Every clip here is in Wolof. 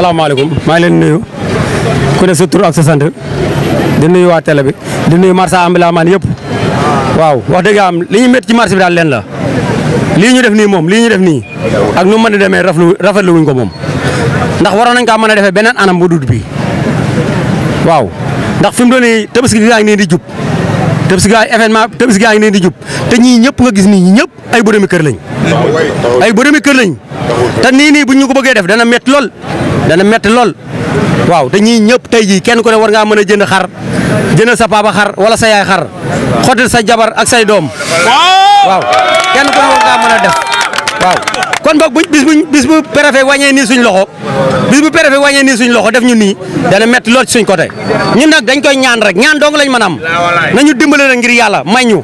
salaamaaleykum maa ngi leen nuyu ku ne sa tur ak sa sant di nuyu waa tele bi di nuyu marsa ambulant man yëpp waaw wax dëgg am li ñu métti ci bi daal leen la lii ñu def nii moom lii ñu def nii ak nu mu mën a demee rafetlu rafetlu wuñ ko moom ndax waroon nañ kaa mën a defee beneen anam bu dut bi waaw ndax fi mu doon nii tabaski nii di jub Tabaski gaa yi événement Tabaski gaa ngi leen di jub te ñii ñëpp nga gis nii ñii ñëpp ay boroomi kër lañ. ay boroomi kër lañ. te nii bu ñu ko def dana métti lool dana métti lool. waaw te ñii ñëpp tey jii kenn ku ne war ngaa man a jënd xar jëndal sa papa xar wala sa yaay xar xottil sa jabar ak say doom. waaw kenn ku ne war ngaa mën a def waaw. kon boog buñ bis buñ bis bu préfet wàññee nii suñ loxo bis bu préfet wàññee nii suñ loxo def ñu nii dana metti lool ci suñ côté ñu nag dañ koy ñaan rek ñaan dong lañ mën am ñu dimbale rek ngir yàlla may ñu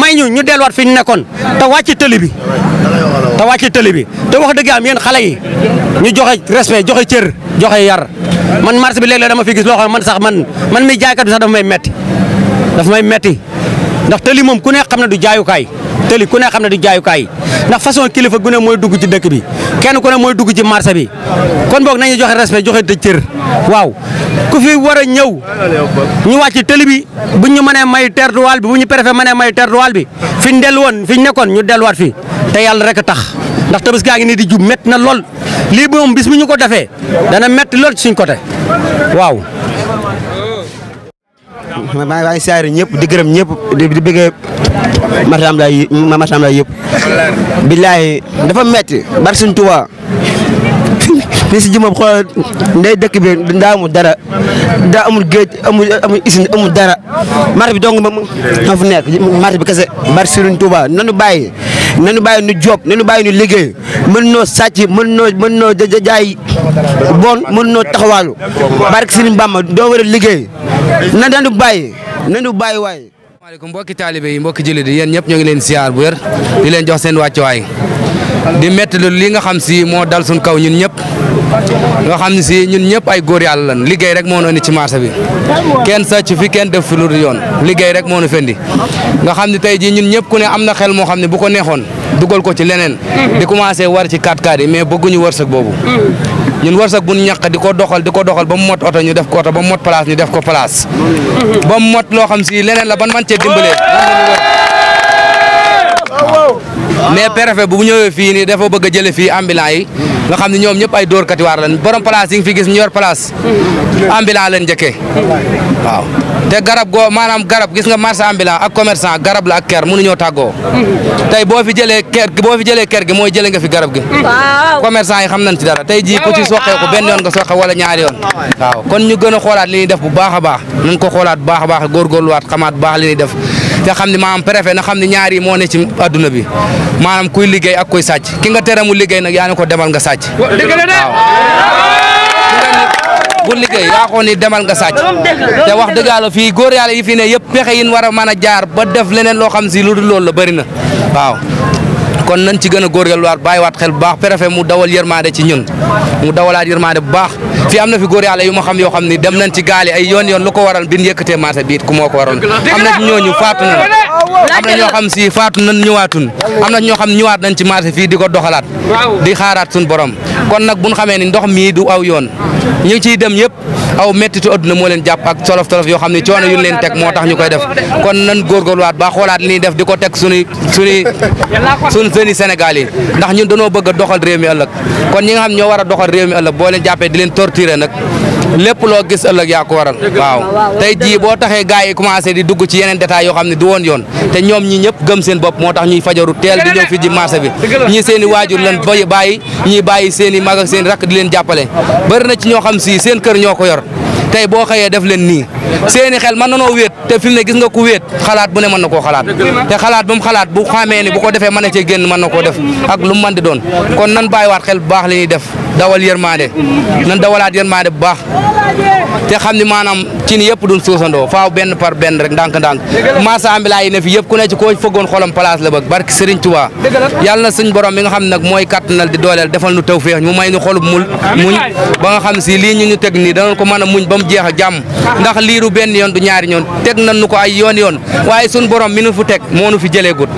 may ñu ñu delluwaat fi ñu nekkoon ta wàcc tëli bi te wàcc tëli bi te wax dëgg am yéen xale yi ñu joxe respect joxe cër joxe yar man marché bi léeg-léeg dama fi gis loo man sax man man mi jaaykat bi sax dafa may metti dafa may metti ndax tëli moom ku ne xam ne du jaayukaay tëli ku ne xam ne du jaayukaay ndax façon kilifa gu ne mooy dugg ci dëkk bi kenn ku ne mooy dugg ci marché bi kon boog nañu joxe respect joxe dëj cër waaw ku fi war a ñëw ñu wàcc tëli bi bu ñu mënee may terduwaal bi bu ñu préfet mënee may terduwaal bi fi ñu dellu woon fi ñu nekkoon ñu delluwaat fi te yàlla rek a tax ndax tëbës gaa ngi nii di jub métti na lool lii moom bis mi ñu ko defee dana métti lool ci suñ côté waaw. maa ngi siyaare ñëpp di gërëm ñëpp di bëggee Matam laay Matam laay yëpp. billaay dafa metti bar suñ Tuubaa fii si jëmmam xoolal dëkk bi daa amul dara daa amul géej amul amul usine amul dara marché bi dong ma fu nekk marché bi kese bari Sëriñ Tuuba nanu bàyyi nanu bàyyi nu job nanu bàyyi nu liggéey mën noo sàcc mën noo mën noo jaay bon mën taxawaalu barke Sëriñ doo war a liggéey na nañu bàyyi nañu bàyyi waaye. maaleykum mbokki taalibe yi mbokki jullit yi yéen ñëpp ñoo ngi leen siyaar bu wér di leen jox seen wàccuwaay di métti li nga xam si moo dal suñ kaw ñun ñëpp nga xam si ñun ñëpp ay góor yàlla lan liggéey rek moo noonu ci marché bi kenn sàcc fi kenn def fi lu yoon liggéey rek moo nu fendi nga xam ne tey jii ñun ñëpp ku ne am na xel moo xam ne bu ko neexoon dugal ko ci leneen di commencé war ci 4 x yi mais bëgguñu wërsëg boobu ñun war sax bu di ko doxal di ko doxal ba mu mot oto ñu def ko oto ba mu mot ñu def ko place mhm. ba mu mot loo xam si leneen la ban man cee dimbalee mais préfet bu ñëwee fii ni defoo bëgg a jële fii ambulant yi nga xam ne ñoom ñëpp ay dóor katiwaar lañ borom place yi nga fi gis ñu yor place mhm. ambulant leen njëkkee waaw te garab goo maanaam garab gis nga marchand ambulant ak commerçant garab la ak ker mënuñoo tàggoo tey boo fi jëlee ker gi boo fi jëlee ker gi mooy jëlee nga fi garab gi commerçant yi xam nañ ci dara tey jii ku ci soqee ko benn yoon nga soqe wala ñaari yoon waaw kon ñu gën a xoolaat li ñuy def bu baax a baax nañ ko xoolaat bu baax a baax góorgóorluwaat xamaat bu baax li ñuy def te xam ne maanaam préfet na xam ne ñaari yi moo ne ci adduna bi maanaam kuy liggéey ak kuy sàcc ki nga tere mu liggéey nag yaa ne ko demal nga sàcc waaw bu liggéey yaakoo ni demal nga sàcc te wax dëgg fi fii góor yi fi ne yëpp pexe yi war a mën a jaar ba def leneen loo xam si lu dul loolu la bëri na waaw kon nañ ci gën a góorgóorluwaat bàyyiwaat xel bu baax préfet mu dawal yërmande ci ñun mu dawalaat yërmande bu baax fii am na fi góor yàlla yu ma xam yoo xam ni dem nañ ci gaali ay yoon yoon lu ko waral bin yëkkatee marché biit ku moo ko waral am na ñooñu faatu na am na ñoo xam si faatu nañ ñëwaatun am na ñoo xam ñëwaat nañ ci marché fii di ko doxalaat di xaaraat suñ borom kon nag buñ xamee ni ndox mii du aw yoon ñu ngi ciy dem yëpp aw mettitu adduna moo leen jàpp ak tolof tolof yoo xam ne coono yu leen teg moo tax ñu koy def kon nan góorgóorluwaat ba xoolaat li def di ko teg suñuy suñuy suñ sëni Sénégal yi ndax ñun dañoo bëgg doxal réew mi ëllëg kon ñi nga xam ñoo war a doxal réew mi ëllëg boo leen jàppee di leen torturer nag lépp loo gis ëllëg yaa ko waral waaw tey jii boo taxee gars yi commencé di dugg ci yeneen détails yoo xam ne du woon yoon te ñoom ñi ñëpp gëm seen bopp moo tax ñuy fajaru teel di ñoo fi ji marché bi ñii seeni waajur lan bàyyi ñii bàyyi seen i mag ak rakk di leen jàppale bari na ci ñoo xam si seen kër ñoo ko yor tey boo xëyee def leen nii seeni xel mën na noo wéet te fi mu ne gis nga ku wéet xalaat bu ne mën na koo xalaat te xalaat ba xalaat bu xamee ni bu ko defee mën na cee génn mën na koo def ak lu mu mën doon kon nan bàyyiwaat xel bu baax li ñuy def dawal yërmaande nan dawalaat yërmaande bu baax te xam ni maanaam ci ni yëpp duñ suusandoo faaw benn par benn rek ndànk-ndànk maasambilaa yi ne fi yëpp ku ne ci koo fëggoon xolam place la bëgg barki Serigne Touba yàlla na suñ borom mi xam ne nag mooy kattanal di dooleel defal nu tawfeex mu may ñu xolub mul muñ a ba mu jeex a jàmm ndax liiru benn yoon du ñaari ñoon teg nañ nu ko ay yoon yoon waaye suñ borom mi nu fu teg moo nu fi jëlee gut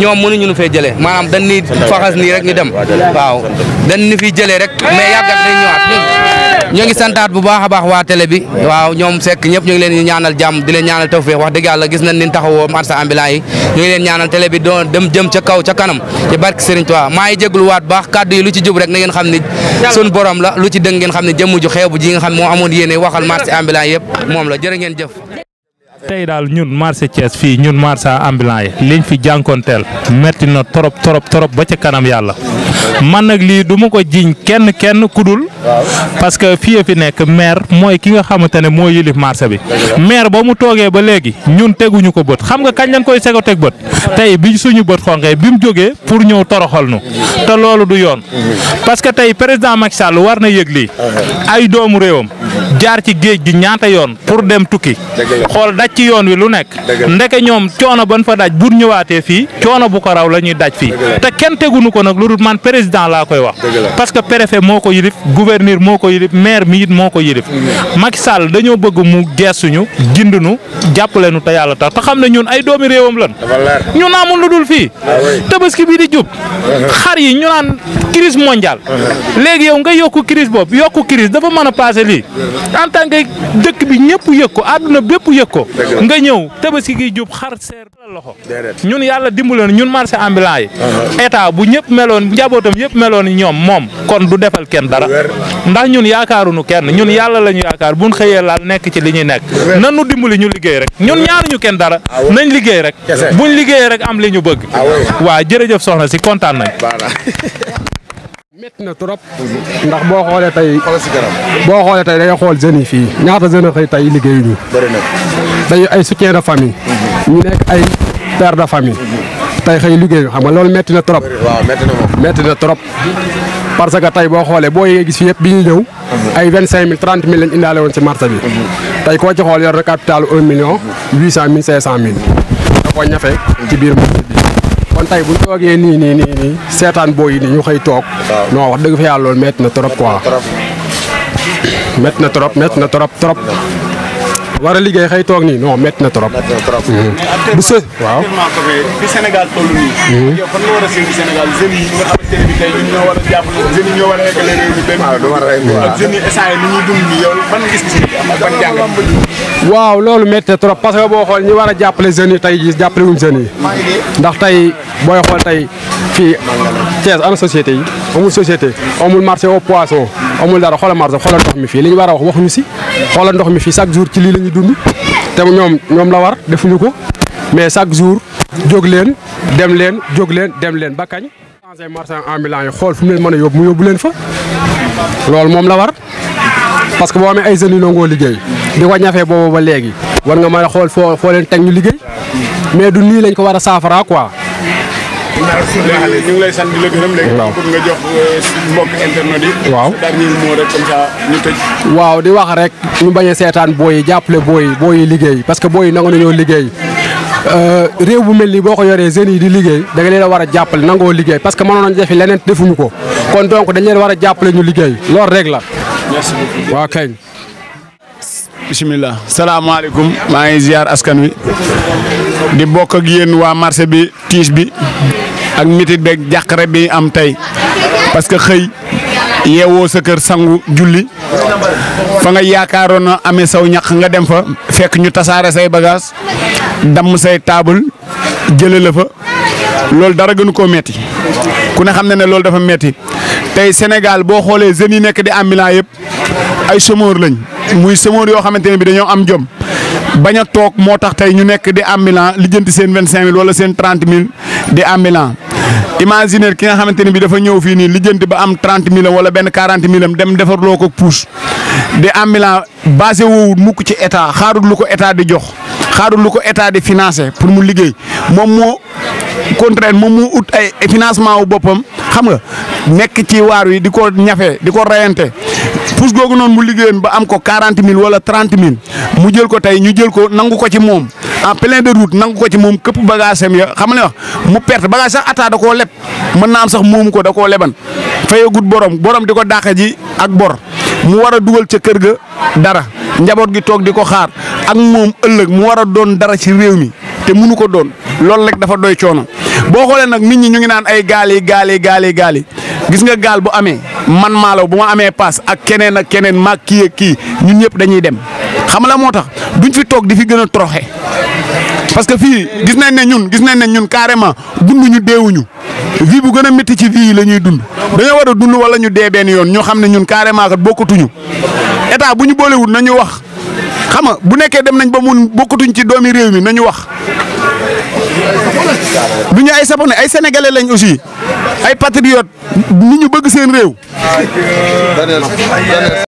ñoom mënuñu nu fee jëlee maanaam dañ ni faxas nii rek ñu dem waaw dañ ni fi jëlee rek mais yàggat nañ ñëwaat ñoo ngi santaat bu baax a baax waa télé bi waaw ñoom sekk ñëpp ñu ngi leen di ñaanal jàmm di leen ñaanal tawféex wax dëgg yàlla gis nañ ni taxawoo marchands ambulants yi ñu ngi leen ñaanal télé bi doon dem jëm ca kaw ca kanam ci barke Serigne Touba maa ngi jéglu waat baax kàddu yi lu ci jub rek na ngeen xam ni sun borom la lu ci dëng ngeen xam ne jëmm ju xeebu ji nga xam moo amoon yéene waxal marchands ambulants yëpp moom la jërë ngeen jëf tey daal ñun marché Thiès fii ñun marché ambulant yi liñ fi teel metti na trop trop trop ba ca kanam yàlla man nag lii du ma ko jiñ kenn kenn kudul parce que fii fi nekk maire mooy ki nga xamante ne moo yéli marché bi maire ba mu toogee ba léegi ñun teguñu ko bët xam nga kañ lañ koy sego teg bët tey bi suñu bët xonqee bi mu jógee pour ñëw toroxal nu te loolu du yoon parce que tey président Macky Sall war na yëg lii ay doomu réewam jaar ci géej gi ñaata yoon ci yoon wi lu nekk ndeke ñoom coono ban fa daj bu ñëwaatee fii coono bu ko raw la ñuy daj fii te kenn tegunu ko nag lu dul man président laa koy wax parce que préfet moo ko yilif gouverneur moo ko yilif mair mi it moo ko yilif mm-hmm. Macky Sall dañoo bëgg mu geesuñu gindunu jàppale nu te yàlla tax te xam ne ñun ay doomi réewam lan ñun amul lu dul fii ah tabaski bii di jub uh-huh. xar yi ñu naan crise mondiale uh-huh. léegi yow nga yokku crise boobu yokku crise dafa mën a passé lii en tant que dëkk bi ñëpp yëg ko àdduna bépp yëg ko nga ñëw tabaski gi jub xar seer la loxo ñun yàlla dimbaloon ñun marché ambulant yi uh-huh. état bu ñëpp meloon njabootam yëpp meloon ñoom moom kon du defal kenn dara ndax ñun yaakaarunu kenn ñun yàlla lañu yaakaar buñ xëyee laal nekk ci li ñuy nekk nanu dimbali ñu liggéey rek ñun ñaaruñu kenn dara ah nañ liggéey rek buñ liggéey rek am li ñu bëgg ah waa jërëjëf soxna si kontaan nañ métti na trop ndax boo xoolee tey boo xoolee tey da ngay xool jeunes yi fii ñaata jeunes xëy tey liggéeyuñu dañu ay soutien de famille ñu nekk ay père de famille tey xëy liggéey xam nga loolu metti na trop metti na trop parce que tey boo xoolee boo yee gis fi yëpp bi ñu ñëw ay vingt cinq mille trente mille lañ indaale woon ci marché bi tey koo ci xool yor na capital un million huit cent mille cinq ci biir marché kon tey bu ñu toogee nii nii nii nii seetaan boo yi nii ñu xëy toog non wax dëgg fa yàlla loolu metti na trop quoi metti na trop metti na trop trop war liggéey xëy toog nii non na trop. Mm-hmm. waaw mm-hmm. a séntu Sénégal jeunes yi nga a loolu métti na trop parce que boo xool ñi war a jàppale jeunes yi tey jii jàppale wuñ jeunes yi. ndax tey booy xool tey fii Thiès ana société yi amul société amul marché au poisson amul dara xoolal marché xoolal ndox mi fii li ñu war a wax waxuñu si xoola ndox mi fii chaque jour ci lii lañuy dund te ñoom ñoom la war defuñu ko mais chaque jour jóg leen dem leen jóg leen dem leen ba kañ. changé marchand ambulant yi xool fu mu leen mën a yóbbu mu yóbbu leen fa loolu moom la war parce que boo amee ay jeunes yu nangoo liggéey di ko ñafee boobu ba léegi war nga mën a xool foo foo leen teg ñu liggéey mais du nii lañ ko war a saafara quoi. léegi ñu lay sant di la gërëm léegi waaw euh, waaw di wax rek ñu bañ a seetaan booy yi jàppale booy yi booy yi liggéey parce que booy yi nangu nañoo liggéey euh, réew bu mel nii boo ko yoree jeunes yi di liggéey da nga leen war a jàppale nangoo liggéey parce que mënoon nañu defi leneen defuñu ko kon donc dañ leen war a jàppale ñu liggéey loolu rek la merci beaucoup waaw kañ maa ngi ziar askan wi di bokk ak yéen waa marché bi tiis bi ak mitit beeg jàqare bi am tey parce que xëy yeewoo sa kër sangu julli fa nga yaakaaroon a amee saw ñaq nga dem fa fekk ñu tasaare say bagage damm say taabal jële la fa loolu dara gënu koo metti ku ne xam na ne loolu dafa metti tey Sénégal boo xoolee jeunes yi nekk di ambulant yëpp ay chômeur lañ muy chômeur yoo xamante ne bi dañoo am jom bañ a toog moo tax tey ñu nekk di ambulant lijjanti seen vingt cinq mille wala seen trente mille di ambulant imaginer ki nga xamante ne bi dafa ñëw fii nii lijjanti ba am trente mille wala benn quarante mille dem defarloo ko puus di ambulant basé woowul mukk ci état xaarul lu ko état di jox xaarul lu ko état di financé pour mu liggéey moom moo contraire moom moo ut ay financement wu boppam xam nga nekk ci waar wi di ko ñafe di ko rayante pousse googu noonu mu liggéeyoon ba am ko quarante mille wala trente mille mu jël ko tey ñu jël ko nangu ko ci moom en plein de route nangu ko ci moom këpp bagage am ya xam nga mu perte bagage sax ataa da koo leb mën naa sax moom ko da koo leban fayagut borom borom di ko dàq ji ak bor mu war a dugal ca kër ga dara njaboot gi toog di ko xaar ak moom ëllëg mu war a doon dara ci réew mi te munu ko doon loolu rek dafa doy coono boo xoolee nag nit ñi ñu ngi naan ay gaal yi gaal yi gis nga gaal bu amee man maalaw bu ma amee paas ak keneen ak keneen maag kii ak kii ñun ñëpp dañuy dem xam la moo tax duñ fi toog di fi gën a troxe parce que fii gis nañ ne ñun gis nañ ne ñun carrément ñu deewuñu vie bu gën a métti ci vie yi la ñuy dund dañoo war a dund wala ñu dee benn yoon ñoo xam ne ñun carrément kat bokkatuñu état bu ñu boolewul nañu wax. xam nga bu nekkee dem nañ ba mun bokkatuñ ci doomi réew mi nañu wax du ñu ay sapone ay sénégalais lañ aussi ay patriotes nit ñu bëgg seen réew.